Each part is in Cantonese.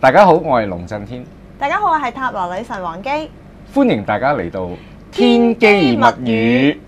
大家好，我係龍震天。大家好，我係塔羅女神黃姬。歡迎大家嚟到天姬物語。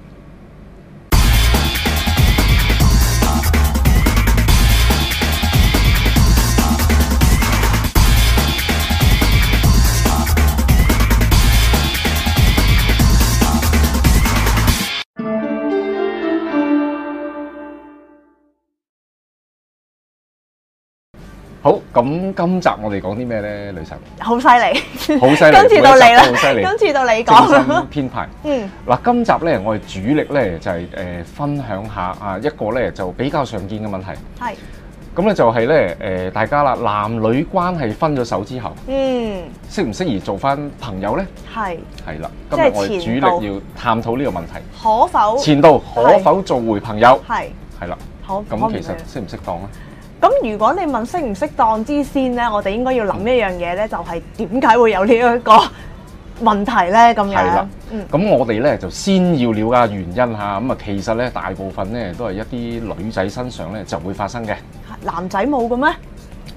好咁，今集我哋講啲咩咧，女神？好犀利，好犀利，跟住到你啦，跟住到你講啦，編排。嗯，嗱，今集咧，我哋主力咧就係誒，分享下啊一個咧就比較常見嘅問題。係。咁咧就係咧誒，大家啦，男女關係分咗手之後，嗯，適唔適宜做翻朋友咧？係。係啦，今日我哋主力要探討呢個問題，可否前度可否做回朋友？係。係啦。好。咁其實適唔適當咧？咁如果你問適唔適當之先咧，我哋應該要諗一樣嘢咧，就係點解會有呢一個問題咧？咁樣，係啦，嗯，咁我哋咧就先要了解原因嚇。咁啊，其實咧大部分咧都係一啲女仔身上咧就會發生嘅，男仔冇嘅咩？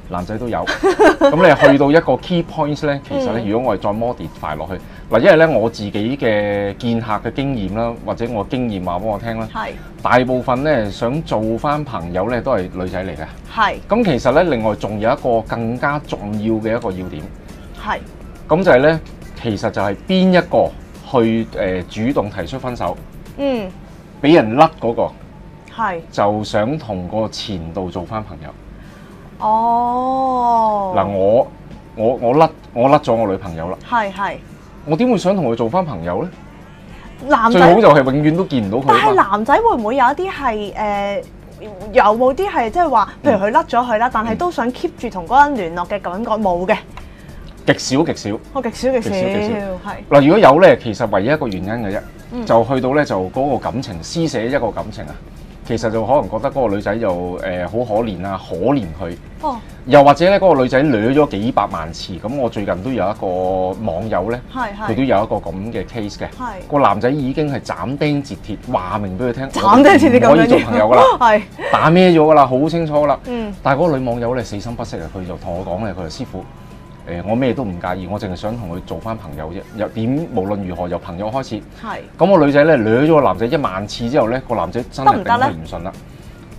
男仔都有。咁 你去到一個 key points 咧，其實咧，如果我哋再 modify 落去。嗱，因為咧我自己嘅見客嘅經驗啦，或者我經驗話俾我聽啦，係大部分咧想做翻朋友咧都係女仔嚟嘅，係咁其實咧另外仲有一個更加重要嘅一個要點，係咁就係、係、咧其實就係邊一個去誒主動提出分手，嗯，俾人甩嗰、嗰個，係就想同個前度做翻朋友，哦，嗱我我我甩我甩咗我女朋友啦，係係。我點會想同佢做翻朋友咧？男仔最好就係永遠都見唔到佢。但係男仔會唔會有一啲係誒？有冇啲係即係話，譬如佢甩咗佢啦，但係都想 keep 住同嗰人聯絡嘅感覺冇嘅？極少極少。哦，極少極少，係。嗱，如果有咧，其實唯一一個原因嘅啫、嗯，就去到咧就嗰個感情施捨一個感情啊，其實就可能覺得嗰個女仔就誒好、呃、可憐啊，可憐佢。哦。又或者咧，嗰、嗰個女仔掠咗幾百萬次。咁我最近都有一個網友咧，佢都有一個咁嘅 case 嘅。係係嗰個男仔已經係斬釘截鐵話明俾佢聽，斬釘截鐵就可以做朋友噶啦，係 打咩咗噶啦，好清楚噶啦。嗯、但係嗰個女網友咧死心不息啊，佢就同我講咧，佢話師傅誒、呃，我咩都唔介意，我淨係想同佢做翻朋友啫。又點，無論如何由朋友開始，咁個女仔咧掠咗個男仔一萬次之後咧，嗰個男仔真係頂唔順啦，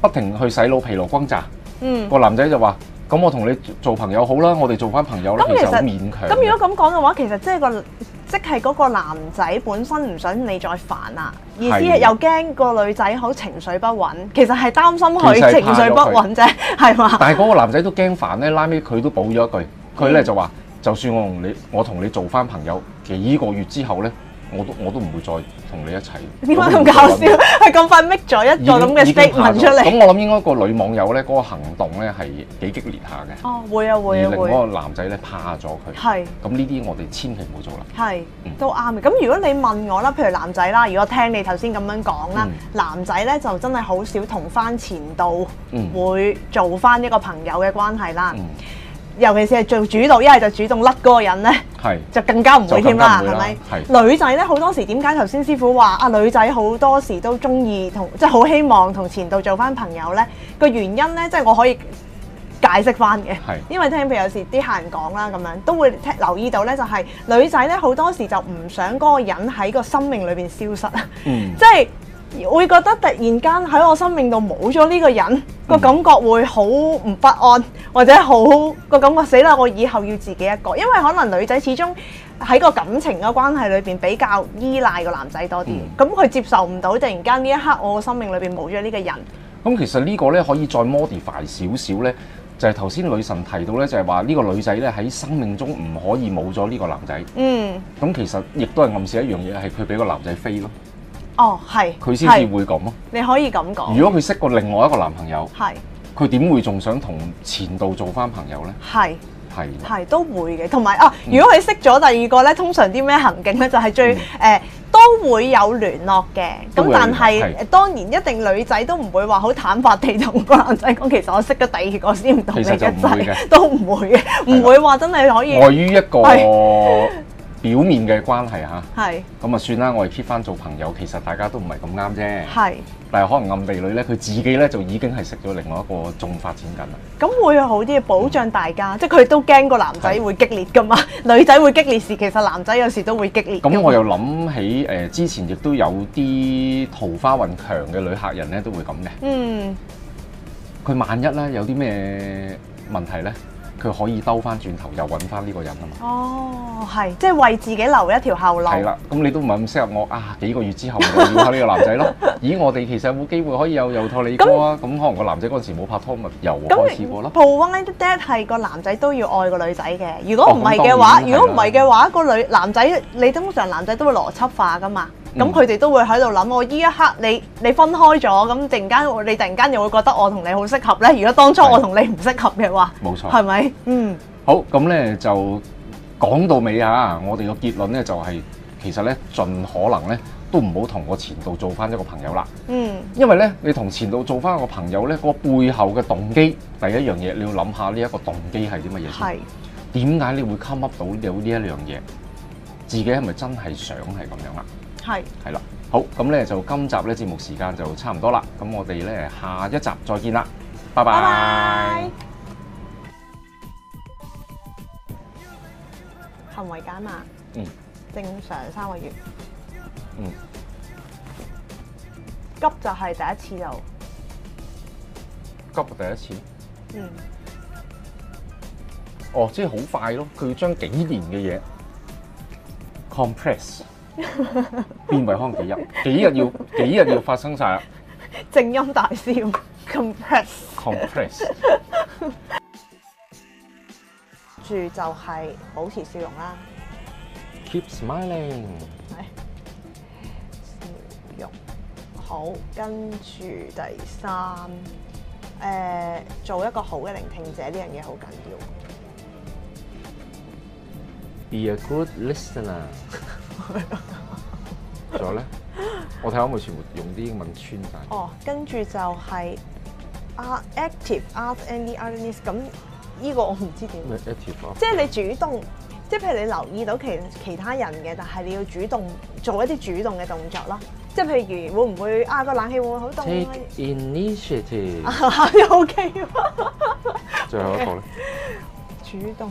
不停去洗腦疲勞轟炸。嗯，個男仔就話。咁我同你做朋友好啦，我哋做翻朋友啦，唔好勉強。咁如果咁講嘅話，其實即係個即係嗰個男仔本身唔想你再煩啊，意思又驚個女仔好情緒不穩，其實係擔心佢情緒不穩啫，係嘛？但係嗰個男仔都驚煩咧，拉尾佢都補咗一句，佢咧就話、嗯：就算我同你，我同你做翻朋友，其實依個月之後咧。我都我都唔會再同你一齊。點解咁搞笑？係咁 快 make 咗一個咁嘅 statement 出嚟？咁我諗應該個女網友咧，嗰個行動咧係幾激烈下嘅。哦，會啊會啊會。而嗰個男仔咧，怕咗佢。係。咁呢啲我哋千祈唔好做啦。係，都、嗯、啱嘅。咁如果你問我啦，譬如男仔啦，如果聽你頭先咁樣講啦、嗯，男仔咧就真係好少同翻前度會做翻一個朋友嘅關係啦。嗯嗯尤其是係做主導，一係就主動甩嗰個人咧，就更加唔會添啦，係咪？女仔呢，好多時點解頭先師傅話啊女仔好多時都中意同，即係好希望同前度做翻朋友呢？個原因呢，即係我可以解釋翻嘅。係因為聽譬如有時啲客人講啦咁樣，都會聽留意到呢，就係女仔呢，好多時就唔想嗰個人喺個生命裏邊消失，嗯，即係。會覺得突然間喺我生命度冇咗呢個人個、嗯、感覺會好唔不安，或者好個感覺，死啦！我以後要自己一個，因為可能女仔始終喺個感情嘅關係裏邊比較依賴個男仔多啲，咁、嗯、佢接受唔到突然間呢一刻我個生命裏邊冇咗呢個人。咁、嗯、其實呢個呢，可以再 modify 少少呢，就係頭先女神提到呢，就係話呢個女仔呢喺生命中唔可以冇咗呢個男仔。嗯。咁其實亦都係暗示一樣嘢，係佢俾個男仔飛咯。哦，係，佢先至會咁咯。你可以咁講。如果佢識過另外一個男朋友，係，佢點會仲想同前度做翻朋友呢？係，係，係都會嘅。同埋啊、嗯，如果佢識咗第二個呢，通常啲咩行徑呢？就係最誒都會有聯絡嘅。咁但係，當然一定女仔都唔會話好坦白地同個男仔講，其實我識咗第二個先唔同你一齊，都唔會嘅，唔會話真係可以礙於一個。表面嘅關係嚇。係，咁啊算啦，我哋 keep 翻做朋友，其實大家都唔係咁啱啫。係，但係可能暗地裏咧，佢自己咧就已經係識咗另外一個仲發展緊啦。咁會有好啲嘅保障大家，即係佢都驚個男仔會激烈噶嘛，女仔會激烈時，其實男仔有時都會激烈。咁我又諗起誒，之前亦都有啲桃花運強嘅女客人咧，都會咁嘅。嗯，佢萬一咧有啲咩問題咧？佢可以兜翻轉頭，又揾翻呢個人啊嘛！哦，係，即係為自己留一條後路。係啦，咁你都唔係咁適合我啊！幾個月之後，我要下呢個男仔咯。 咦，我哋其實有冇機會可以有有拖你哥啊！咁可能個男仔嗰陣時冇拍拖，咪又開始過咯。Po o n d a d 係個男仔都要愛個女仔嘅，如果唔係嘅話，如果唔係嘅話，個女男仔你通常男仔都會邏輯化噶嘛。咁佢哋都會喺度諗，我呢一刻你你分開咗，咁突然間我你突然間又會覺得我同你好適合咧。如果當初我同你唔適合嘅話，冇錯，係咪？嗯，好咁咧，就講到尾嚇，我哋個結論咧就係其實咧，盡可能咧都唔好同我前度做翻一個朋友啦。嗯，因為咧你同前度做翻一個朋友咧，個背後嘅動機第一樣嘢，你要諗下呢一個動機係啲乜嘢？係點解你會 come up 到有呢一樣嘢？自己係咪真係想係咁樣啊？係，係啦，好，咁咧就今集咧節目時間就差唔多啦，咁我哋咧下一集再見啦，拜拜。行為減嘛，嗯，正常三個月，嗯，急就係第一次就急第一次，嗯，哦，即係好快咯，佢要將幾年嘅嘢、嗯、compress。變埋康幾日？幾日要？幾日要發生晒？正音大笑，compress，compress。住就係保持笑容啦，keep smiling。笑容好，跟住第三，誒、呃，做一個好嘅聆聽者呢樣嘢好緊要，be a good listener。仲 有咧？我睇下我冇全部用啲英文穿晒。 哦，跟住就係啊，active，Art a n y t i n i t 咁呢個我唔知點。咩 active 即係你主動，即係譬如你留意到其其他人嘅，但係你要主動做一啲主動嘅動作咯。即係譬如會唔會啊？個冷氣會唔會好凍？Take initiative 又 OK。最後一個咧？主動。